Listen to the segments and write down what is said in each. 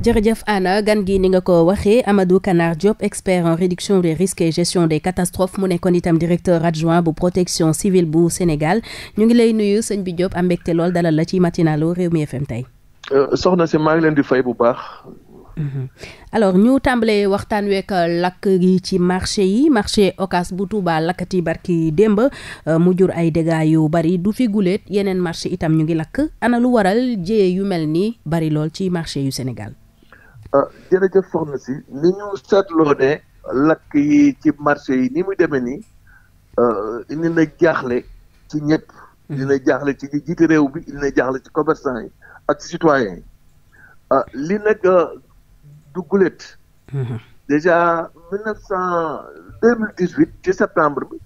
jërëjëf ana gan gi ni nga ko waxee Amadou kanaar Diop expert en réduction des risques et gestion des catastrophes mu nekkoon itam directeur adjoint bu protection civile bu Sénégal ñu ngi lay nuyu sëñ bi Diop am mbégte lool dalal la ci matinalu Rewmi FM tey. Euh, soxna si maa ngi leen di fay bu baax. Mhm. alors ñu tàmbalee waxtaan week euh, lakk gi ci marché yi marché Ocass bu Touba lakkati barki démb euh, mu jur ay dégâts yu bari du fi guléet yeneen marché itam ñu ngi lakk ana lu waral jëye yu mel ni bari lool ci marché yu Sénégal. Ah, jërëjëf soxna si ni ñu seetloo ne lakk yi ci marché yi ni mu demee nii ah, indi na jaaxle ci ñëpp. Hmm. na jaaxle ci ñi réew bi dina jaaxle ci commerçant yi ak citoyen yi ah, li nag du gulet hmm. déjà mille neuf cent deux mille dix huit ci septembre bi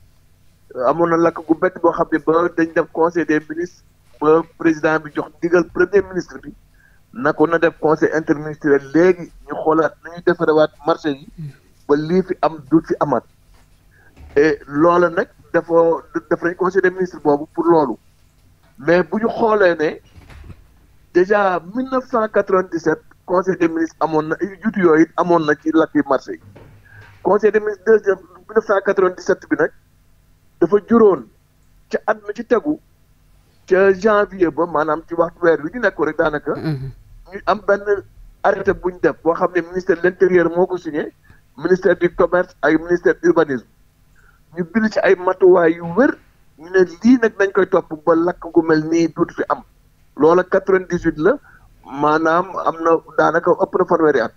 amoon na lakk gu bett boo xam ne ba dañ def conseil des ministres ba président bi jox ndigal premier ministre bi nakoon na def conseil interministériel léegi ñu xoolaat nu ñuy defarewaat marché yi ba lii fi am du fi amaat et loola nag dafa def nañ conseil de ministres boobu pour loolu mais bu ñu xoolee ne déjà 1997 conseil des ministres amoon na juuti yooyu amoon na ci lakk yi marché yi conseil des ministres deuxième 1997 bi nag dafa juróon ca at ci tegu ca janvier ba maanaam ci waxtu weer wi ñu nekk rek daanaka. Mm-hmm. ñu am benn arrêté bu ñu def boo xam ne ministère de l' intérieur moo ko signé ministère du commerce ak ministère urbanisme ñu bind ci ay matuwaay yu wër ñu ne lii nag dañ koy topp ba lakk gu mel nii duutu fi am loola 98 la maanaam am na daanaka ëpp na fanweeri at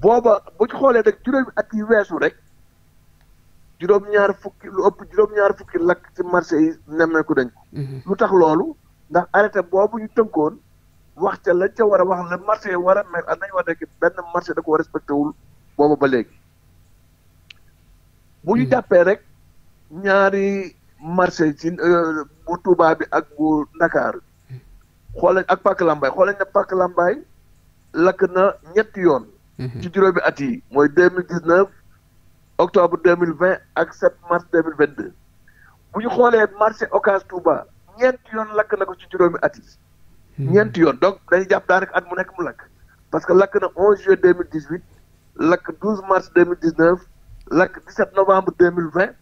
booba bu ñu xoolee rek juróomi at yi weesu rek juróom-ñaar fukki lu ëpp juróom-ñaar fukki lakk ci marché yi nemmeeku dañ ko. Mhm. lu tax loolu ndax arrêté boobu ñu tënkoon. wax ca lañ ca war a wax la marché war a mel ak nañu wax nekk benn marché da ko respecté wul booba ba léegi bu ñu hmm. jàppee rek ñaari marché ci euh, bu Touba bi ak bu Ndakaar hmm. xoolañ ak Pàkk Lambaay xoolañ na Pàkk Lambaay lakk na ñetti yoon hmm. ci juróomi at yi mooy deux mille dix neuf octobre deux mille vingt ak sept deux vingt deux bu ñu xoolee marché Ocass Touba ñeenti yoon lakk na ko ci juróomi at yi Hmm. ñeenti yoon donc dañuy jàpp daanaka at mu nekk mu lakk parce que lakk na 11 juillet 2018 lakk 12 mars 2019 lakk 17 novembre 2020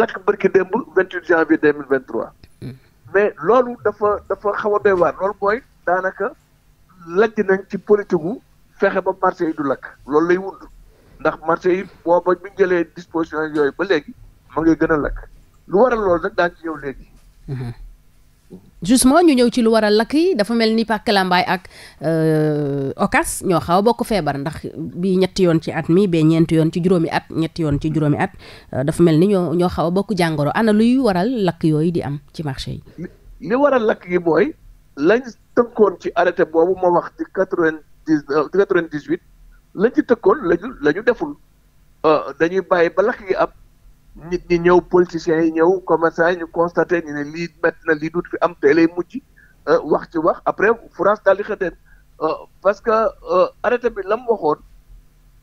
lakk bërki démb 28 janvier 2023. Hmm. mais loolu dafa dafa xaw a doy waar loolu mooy daanaka lajj nañ ci politique gu fexe ba marché yi du lakk loolu lay wund ndax marché yi booba ñu jëlee disposition yooyu ba léegi ma ngi gën a lakk lu waral loolu nag daan ci justement ñu ñëw ci lu waral lakk yi dafa mel ni Pàcc Lambaay ak euh, Okas ñoo xaw bokk feebar ndax bi ñetti yoon ci at mi bee ñeenti yoon ci juróomi at ñetti yoon ci juróomi at euh, dafa mel ni ñoo ñoo xaw a bokk jàngoro ana luy waral lakk yooyu di am ci marché yi. li waral lakk yi mooy lañ tënkoon ci arrêté boobu ma wax ci quatre vingt dix euh, quatre vingt dix huit lañ ci tënkoon lañu deful dañuy bàyyi ba lakk yi am. nit ñi ñëw politiciens yi ñëw commerçants ñu constaté ñu ne lii métt na lii dut fi am te lay mujj euh, wax ci wax après France daal di xëteen euh, parce que euh, arrêté bi lam mu waxoon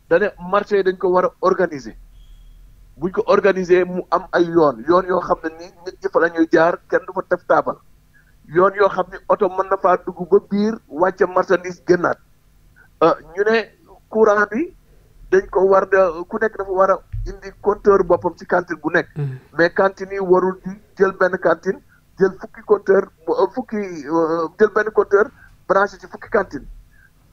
dane marché dañ ko war a organiser buñ ko organiser mu am ay yoon yoon yoo xam ne ni nit fa la jaar kenn du fa tef taabal yoon yoo xam ni oto mën na faa dugg ba biir wàcce marchandise gënnaat ñu ne courant bi dañ ko war a ku nekk dafa war a indi compteur boppam ci cantine bu nekk. Mm. mais cantine warul di jël benn cantine jël fukki compteur euh, fukki euh, jël benn compteur branché ci fukki cantine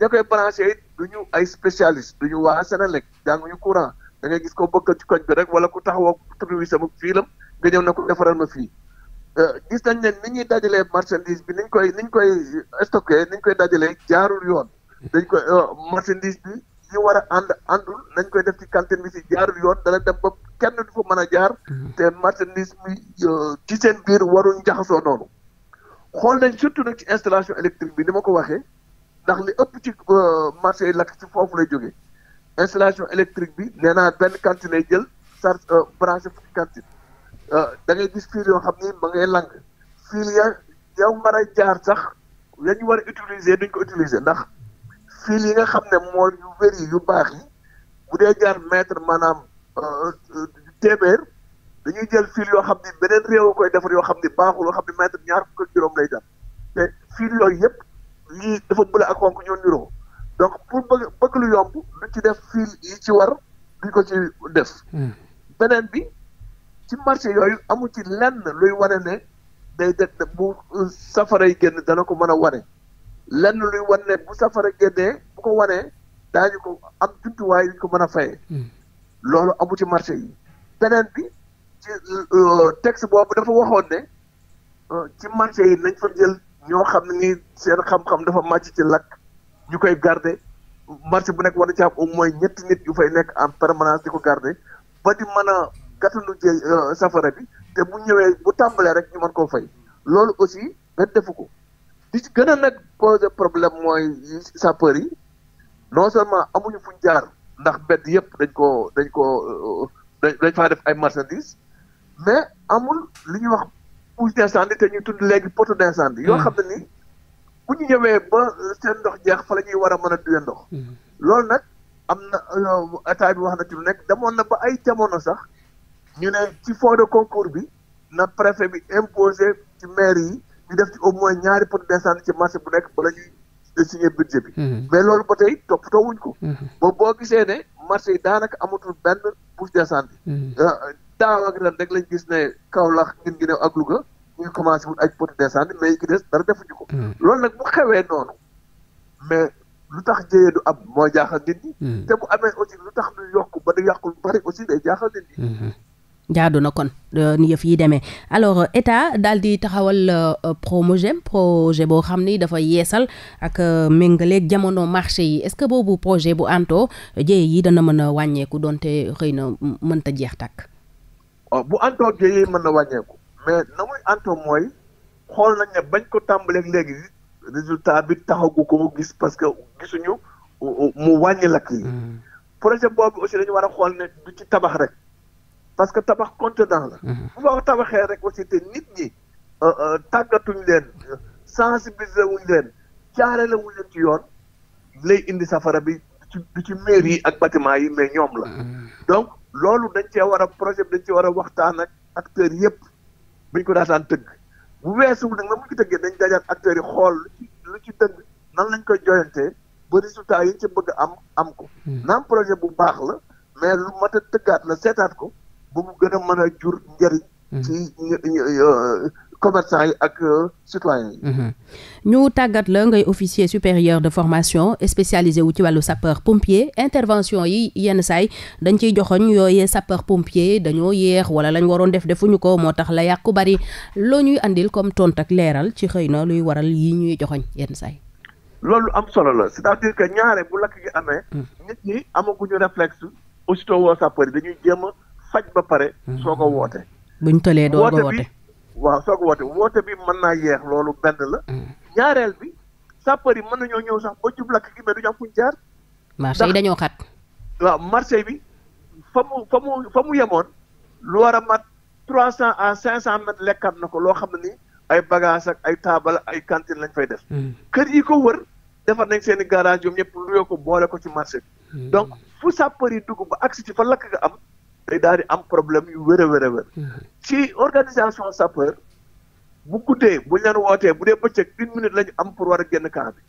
ña koy branché it du ñu ay spécialiste du ñu waa Sénélec ñu courant da ngay gis ko bëgg ci koñ bi rek wala ku taxawoo tur wi sama fiilam nga ñëw na ko defaral ma fii. Euh, gis nañ ne ni ñuy dajalee marchandise bi niñ koy niñ koy stocké niñ koy dajalee jaarul yoon mm. dañ koy marchandise bi yi war a ànd àndul nañ koy def ci cantine bi si jaarul yoon dana dem ba kenn du fa mën a jaar mm-hmm. te marchandise bi euh, ci seen biir waruñ jaxasoo noonu xool nañ surtout nag ci installation électrique bi ni ma ko waxee ndax li ëpp ci euh, marché yi lakk ci foofu lay jógee installation électrique bi nee naa benn cantine lay jël charge euh, branché fukki cantine da ngay gis fiil yoo xam ni ma ngay lang fiil ya yow jaar sax yañu war a utiliser duñ ko utiliser ndax fil yi nga xam ne moo yu wér yi yu baax yi bu dee jaar mètre maanaam euh, téeméer dañuy jël fil yoo xam ni beneen réew koy defar yoo xam ni baaxul yoo xam ni mètre ñaar fukk ak juróom lay def te fil yooyu yëpp lii dafa bële ak xonk ñoo niroo donc pour bëgg bëgg lu yomb lu ci def fil yi ci war duñ ko ci def. Hmm. beneen bi ci marché yooyu amu ci lenn luy wane ne day def bu euh, safara yi génn dana ko mën a wane. lenn luy wan ne bu safara génnee bu ko wanee daañu ko am jumtuwaay yu ñu ko mën a fayee. Hmm. loolu amu ci marché yi. beneen bi ci euh, texte boobu dafa waxoon ne euh, ci marché yi nañ fa jël ñoo xam ne nii seen xam-xam dafa màcc ci lakk ñu koy garde marché bu nekk war na ci am au ñetti nit yu fay nekk en permanence di ko garder ba di mën a gàttandu euh, safara bi te bu ñëwee bu tàmbalee rek ñu mën koo fay loolu aussi benn defu ko. di ci gën a nag posé problème mooy sapeur yi non seulement amuñu fuñ jaar ndax bedd yëpp dañ ko dañ ko euh, euh, dañ faa def ay marchandises mais amul li ñuy wax bouche d'incendie te ñuy tudd léegi poteau d'incendie yoo hmm. xam ne ni ku ñu ñëwee ba seen ndox jeex fa la ñuy war a mën a ndox hmm. loolu nag am na euh, état bi wax na ci nekk demoon na ba ay jamono sax ñu ne ci fond de concours bi na préfet bi imposé ci maire yi ñu def ci au ñaari pot d'essence ci marché bu nekk bala ñuy signé budget bi. Mhm. mais loolu ba tey toppatoo wuñ ko. Mhm. ba boo gisee ne marché yi daanaka amatul benn bouche d'essence. Mhm. Euh, daaw ak ren rek lañ gis ne Kaolack ngeen gën a ak Louga ñu commencé wut ak pot d'essence mais yi ki des dara defuñu ko. loolu nag bu xewee noonu mais lu tax jëyee du am moo jaaxal nit ñi. te bu amee aussi lu tax du yokk ba du yàqu lu bari aussi day jaaxal nit jaadu na kon ni yëf yi demee alors euh, état daal di taxawal euh, Promogem projet boo xam ni dafa yeesal ak euh, méngaleeg jamono marché yi est-ce que boobu projet bu anto jéye yi dana mën a wàññeeku donte xëy na mënta jeex tàkk. Oh, bu anto jéye mën na wàññeeku mais na muy anto mooy xool nañ ne bañ ko tàmbaleeg léegi résultat bi taxagu ko gis parce que gisuñu mu wàññi lakk yi hmm. projet boobu aussi dañu war a xool ne du ci tabax rek. parce que tabax contenant la. bu ma tabaxee rek aussi te nit ñi euh, euh, tàggatuñ leen sensibiliser wuñ leen jaarale wuñ leen ci yoon lay indi safara bi ci du ci mairie yi ak bâtiment yi mais ñoom la. donc loolu dañ cee war a projet bi dañ cee war a waxtaan ak acteurs yëpp buñ ko daataan tëgg bu weesuwul nag la mu ci tëggee dañ dajaat acteurs yi xool lu ci tëgg nan lañ koy joyantee ba résultat yi ñu ci bëgg am am ko. Hmm. naam projet bu baax la mais lu mat tëggaat la seetaat ko. bu mu gën a mën jur njëriñ. Mm-hmm. ci euh, commerçant yi ak euh, citoyen yi. Mm-hmm. ñu tàggat la ngay officier supérieur de formation spécialisé wu ci wàllu sapeur pompier intervention yi yenn saay dañ ciy joxoñ yooyee sapeur pompier dañoo yéex wala lañ waroon def defuñu ko moo tax la yàqu bari loo ñuy indil comme tont ak leeral ci xëy na luy waral yi ñuy joxoñ yenn saay loolu am solo la c'est-à-dire que ñaare bu lakk gi amee. Mm. nit ñi amaguñu réflexe aussitôt woo sapeur dañuy jéem faj ba pare. Hmm. soo ko woote. buñ tolee doo ko woote waaw soo ko woote woote bi man naa yeex loolu benn la. Hmm. ñaareel bi sapeur yi mën nañoo ñëw sax ba jub lakk gi mais du ñu am fuñ jaar. xat. waaw marché bi fa mu fa mu fa mu yemoon lu war a mat trois cent à cinq cent mètres lekkaat na ko loo xam ne ay bagages ak ay taabal ay cantine lañ fay def. Hmm. kër yi ko wër. defar nañ seen i garage ko boole ko ci marché bi. donc fu sapeur yi dugg ba agsi ci fa lakk nga am. day daal di am problème yu wër a wér a wér mm-hmm. ci organisation sapeur bu guddee buñ leen wootee bu dee bëccëg une minute la ñu am pour war a génn camp bi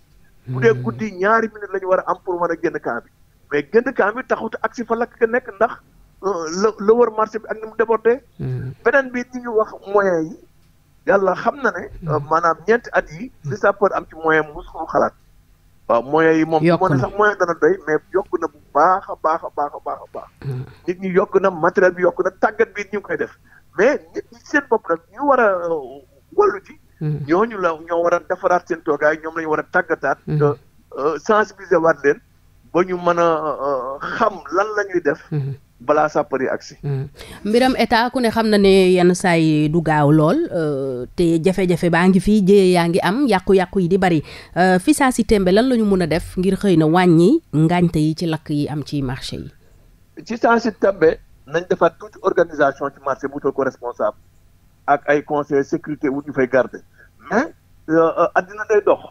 bu dee mm-hmm. guddi ñaari minute la ñu war a am pour war a génn camp bi mais génn camp bi taxut ak si fa lakk nekk ndax la euh, la wër marché bi ak ni mu débordé mm-hmm. beneen bi ñu wax moyens yi yàlla xam na ne euh, maanaam ñeenti at yi li sapeur am ci moyen mosu ko xalaat waaw moyens yi moom. yokk na sax moyen dana doy mais yokk na bu baax a baax a baax a baax a baax. Ah. nit ñi yokk na matériel bi yokk na tàggat bi ñu koy def mais nit ñi seen bopp nag ñu war a euh, wallu ci. Hmm. ñooñu la ñoo war a defaraat seen toogaay ñoom la ñu war a tàggataat. Hmm. Euh, sensibiliser waat leen ba ñu mën a euh, xam lan lañuy def. Hmm. balaa sàppari agsi mm. mbiram état ku ne xam na ne yenn saa yi du gaaw lool euh, te jafe-jafe baa ngi fii jéye yaa ngi am yàqu-yàqu yi di bari euh, fi saa si tembe lan la ñu mën a def ngir xëy na wàññi ngaañte yi ci lakk yi am ci marché yi ci saa si tembe nañ defaat toute organisation ci marché bu wutal ko responsable ak ay conseil sécurité wu ñu fay garder mais euh, addina day dox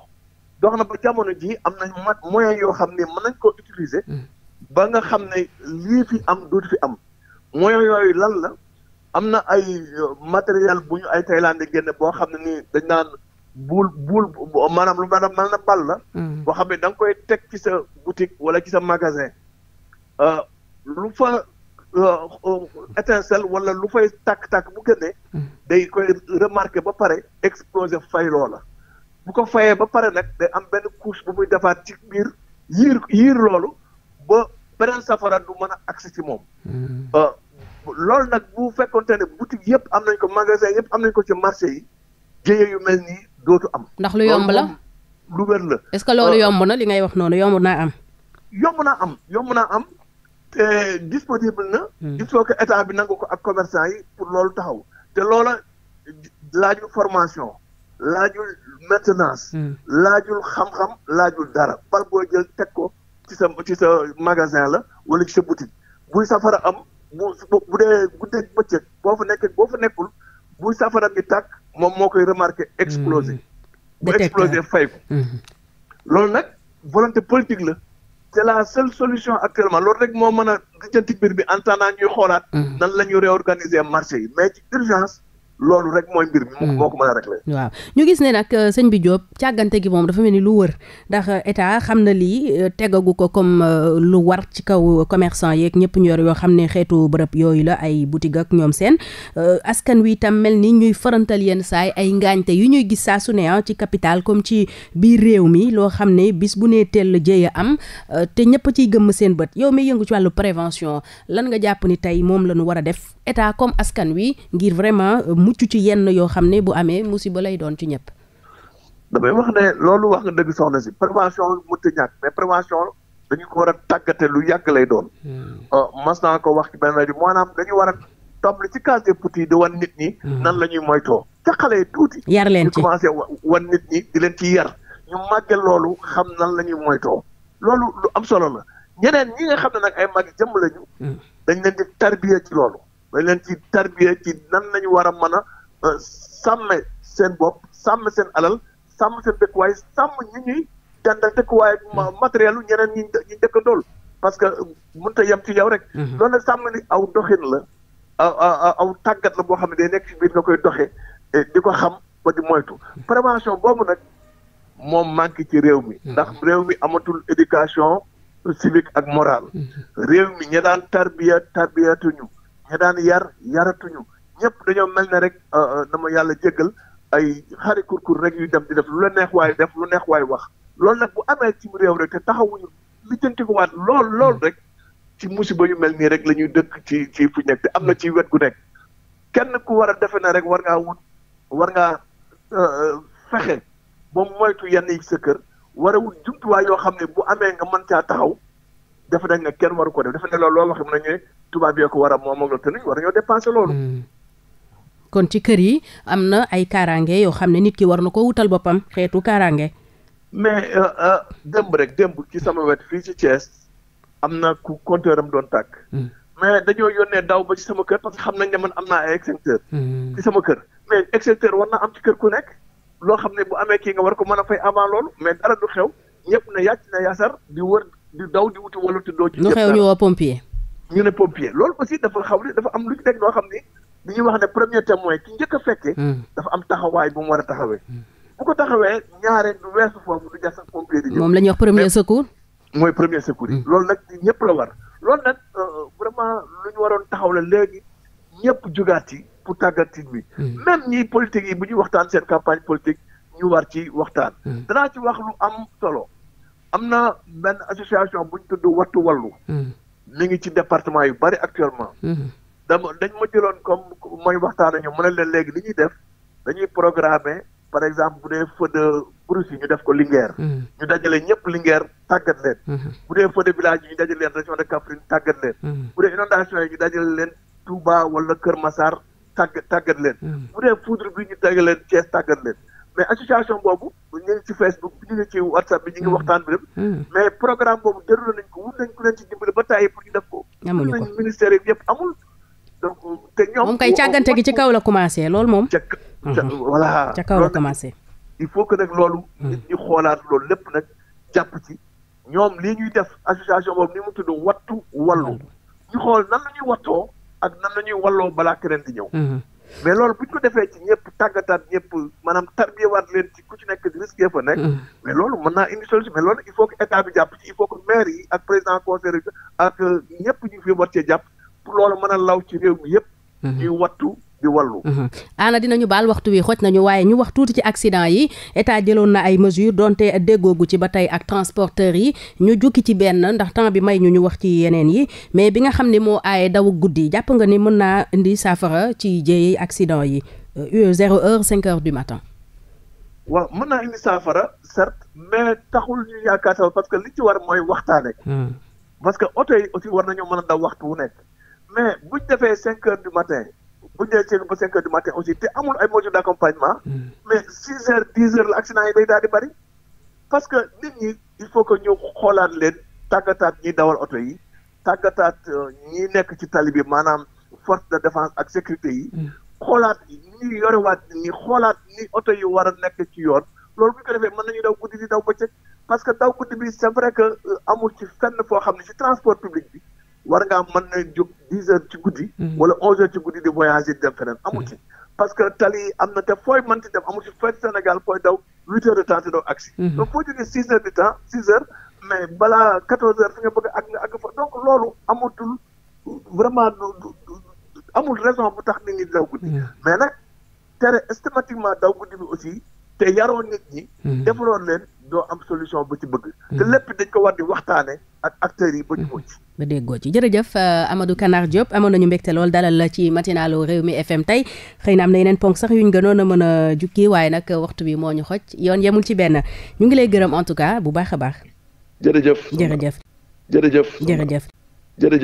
dox na ba jamono ji am nañ moyen yoo xam ne mën nañ ko utiliser mm. ba nga xam ne lii fi am dootu fi am moyens yooyu lan la am na ay euh, matériel bu ñu ay Thaïlande génne boo xam ne nii dañ naan buul buul maanaam lu maanaam mën na bal la. Hmm. boo xam ne da nga koy teg ci sa boutique wala ci sa magasin. Euh, lu fa euh, étincelle wala lu fay takk tàkk bu génnee. Hmm. day koy remarqué ba pare explosé fay loola. bu ko fayee ba pare nag day am benn couche bu muy defaat ci biir yiir yiir loolu ba beneen safara du mën a agsi ci moom. Hmm. Euh, loolu nag bu fekkonte ne boutique yëpp am nañ ko magasin yëpp am nañ ko ci marché yi jëye yu mel nii dootu am. ndax lu yomb la euh, lu wér la. est-ce que loolu euh, yomb na li ngay wax noonu yomb naa am. yomb na am yomb naa am te disponible na. Hmm. il faut que état bi nangu ko ak commerçant yi pour loolu taxaw te loola laajul formation laajul maintenance. Hmm. laajul xam-xam laajul dara bal boo jël teg ko. ci sa sa magasin la wala ci sa boutique buy safara am bu bu dee guddeeg bëccëg boo fa boo fa nekkul buy safara bi tàkk moom moo koy remarqué explosé hmm. bu explosé fay hmm. loolu nag volonté politique la c'est la seule solution actuellement loolu rek moo mën a lijjanti bi en attendant ñuy xoolaat hmm. nan la ñuy réorganiser marché yi mais ci urgence loolu rek mooy mbir mi. Hmm. moo ko mën a régler. waaw ñu gis ne nag euh, sëñ bi Diop càggante gi moom dafa mel ni lu wër ndax euh, état xam na lii euh, tegagu ko comme lu war ci kaw commerçant yeeg ñëpp ñu yor yoo xam ne xeetu bërëb yooyu la ay boutique ak ñoom seen askan wi itam mel ni ñuy farantal yenn saay ay ngaañte yu ñuy gis saa su ne ah, ci capital comme ci biir réew mi loo xam ne bis bu nee teel jëye am te ñëpp ciy gëmm seen bët yow mi yëngu ci wàllu prévention lan nga jàpp ni tey moom la ñu war a def état comme askan wi ngir vraiment. mucc ci yenn yoo xam ne bu amee musiba lay doon ci ñëpp. damay wax ne loolu wax nga dëgg soxna si prévention mënut a ñàkk mais prévention dañu war a tàggate lu yàgg lay doon. Hmm. Euh, mas naa ko wax ci benn rajo maanaam dañu war a topp ci case puti di wan nit ñi. Hmm. nan la ñuy moytoo ca xale yi tuuti. yar leen ci ñu commencé wan nit loolu xam nan la ñuy moytoo loolu lu am solo la ñeneen ñi nga xam ne nag ay mag jëmm lañu. Hmm. dañ leen di ci loolu. dañ leen ci tarbiya ci nan lañu war a mën a euh, sàmme seen bopp sàmm seen alal sàmm seen dëkkuwaay sàmm ñi ñuy dendal dëkkuwaay ak matériel u ñeneen ñi ñu dool parce que euh, mënut a yem ci yow rek mhm. loolu nag sàmm ni aw doxin la aw aw tàggat la boo xam ne day nekk ci biir nga koy doxe di ko xam ba di moytu prévention boobu nag moom manqué ci réew mi mhm. ndax réew mi amatul éducation civique ak morale mhm. réew mi ñi daan tarbiya tarbiyatuñu ña daan yar yaratuñu ñëpp dañoo mel ne rek euh, euh, na ma yàlla jéggal ay xari kurkur rek yuy dem di def lu la neex waay def lu neex waay wax lool nag bu amee ci réew rek te taxawuñu li jëntikuwaat lool lool rek ci musiba yu mel nii rek lañuy dëkk ci ci fu nekk te am na ci wet gu nekk kenn ku war a defe na rek war ngaa wut war ngaa euh, fexe ba moytu yenn yi sa kër war wut jumtuwaay yoo xam ne bu amee nga mën caa taxaw dafa dañ ne kenn waru ko def dafa ne loolu loo wax mën nañu ne tubaab yee ko war a moom ak loolu te nañ war ñoo dépensé loolu. Hmm. kon ci kër yi am na ay kaaraange yoo xam ne nit ki war na ko wutal boppam xeetu kaaraange. mais euh, euh, démb rek démb ci sama wet fii ci Thiès am na ku compteur am doon tàkk. Hmm. mais dañoo yónnee daw ba ci sama kër parce que xam nañ ne man am naa ay extincteur. Hmm. ci sama kër mais extincteur war naa am ci kër ku nekk. loo xam ne bu amee kii nga ko mën a fay avant loolu mais di daw di wuti walla te doo ci. lu xew ñu woo pompier. ñu ne pompier loolu aussi dafa xaw ne dafa am lu ñu teg noo xam ne li ñuy wax ne premier témoin ki njëkk a fekkee. Hmm. dafa am taxawaay bu mu war a taxawee. Hmm. bu ko taxawee ñaareel du weesu foofu du jar sax pompier di ñëw. moom la wax premier secours. mooy premier secours yi. Hmm. loolu nag ñëpp la war loolu nag euh, vraiment lu ñu waroon taxaw la léegi ñëpp jugaat ci pour tàggat ci bi. même ñi politique yi bu ñuy waxtaan seen campagne politique ñu war ci waxtaan. danaa ci wax lu am solo. am na benn association bu ñu tudd wattu wallu hmm. mi ngi ci département yu bari actuellement hmm. dama dañ ma jëloon comme mooy waxtaan ñu mu ne leen léegi li ñuy def dañuy programmer par exemple bu dee feu de brousse yi ñu def ko Linguère hmm. ñu dajale ñëpp Linguère tàggat bu dee feu village yi ñu dajale leen région de Kaffrine tàggat leen bu dee inondation yi ñu dajale leen Touba wala Kër Massar tàgg tàggat leen bu dee foudre bi ñu dajale leen Thiès mais association boobu ñu ngi ci Facebook ñu ngi bi ñu ngi hmm. waxtaan bi lépp. Hmm. mais programme boobu déroulé nañ ko wut nañ ku leen ci dimbali ba taay pour ñu def ko. amuñu ko ministère yi yëpp amul. donc te ñoom. moom kay càggante gi ci kaw la commencé loolu moom. ca hmm. voilà ca kaw la commencé. il faut que nag loolu. ñu xoolaat loolu lépp nag jàpp ci. ñoom lii ñuy def association boobu ni mu tudd wattu wallu. ñu xool nan la ñuy wattoo ak nan la ñuy walloo balaa keneen di ñëw. mais loolu bu ñu ko defee ci ñëpp tàggataat ñëpp maanaam tarbiyewaat leen ci ku ci nekk risque fa nekk. Hmm. mais loolu mën naa indi solution mais loolu il faut que état bi jàpp ci il faut que maire yi ak président conseil ak ñëpp ñu fi war cee jàpp pour loolu man a law ci réew mi yëpp. Hmm. ñuy wattu. di wallu. ana dinañu baal waxtu wi xoj nañu waaye ñu wax tuuti ci accident yi état jëloon na ay mesures donte déggoogu ci ba tey ak transporteurs yi ñu jukki ci benn ndax temps bi may ñu ñu wax ci yeneen yi mais bi nga xam ni moo aaye daw guddi jàpp nga ni mën naa indi saafara ci jéey accident yi euh, zéro heure cinq heures du matin. waaw mën naa indi saafara certes mais taxul ñu yaakaar sax parce que li ci war mooy waxtaane. Hmm. parce que oto war nañoo mën a daw waxtu wu nekk mais bu ñu dee ba cinq heures du matin aussi te amul ay mesures d'accompagnement. Hmm. mais six heures dix heures la accident yi day daal bari. parce que nit ñi il faut que ñu xoolaat leen tàggataat ñiy dawal oto yi tàggataat euh, ñi nekk ci tali bi maanaam force de défense ak sécurité yi. Hmm. xoolaat ñi yorewaat ñi xoolaat ni oto yi war a nekk ci yoon loolu bu ñu ko defee mën nañu daw guddi di daw bëccëg parce que daw guddi bi c'est vrai que euh, amul ci fenn foo xam ne ci transport public bi. war ngaa mën na jóg dix heures ci guddi. Mhm. wala onze heures ci guddi di voyager dem feneen amu mhm. ci. parce que tali am na te fooy mënti dem amu ci fenn Sénégal fooy daw huit heures de temps te doo mhm. mais balaa quatorze heures fi ak nga loolu amatul vraiment amul raison bu tax nit ñi daw guddi. mais nag tere systématiquement daw guddi bi aussi te yaroon nit ñi. defaloon leen. doo am solution bu ci bëgg. Mm-hmm. te lépp dañ ko war di waxtaane ak acteurs yi ba ñu mm-hmm. mucc. ba déggoo ci jërëjëf euh, Amadou kanaar Diop amoon nañu mbégte lool dalal la ci matinalu réew mi FM tey xëy na am na yeneen ponk sax yuñ gënoon a mën a jukki waaye nag waxtu wi moo ñu xoj yoon yemul ci benn ñu ngi lay gërëm en tout cas bu baax a baax. jërëjëf jërëjëf. jërëjëf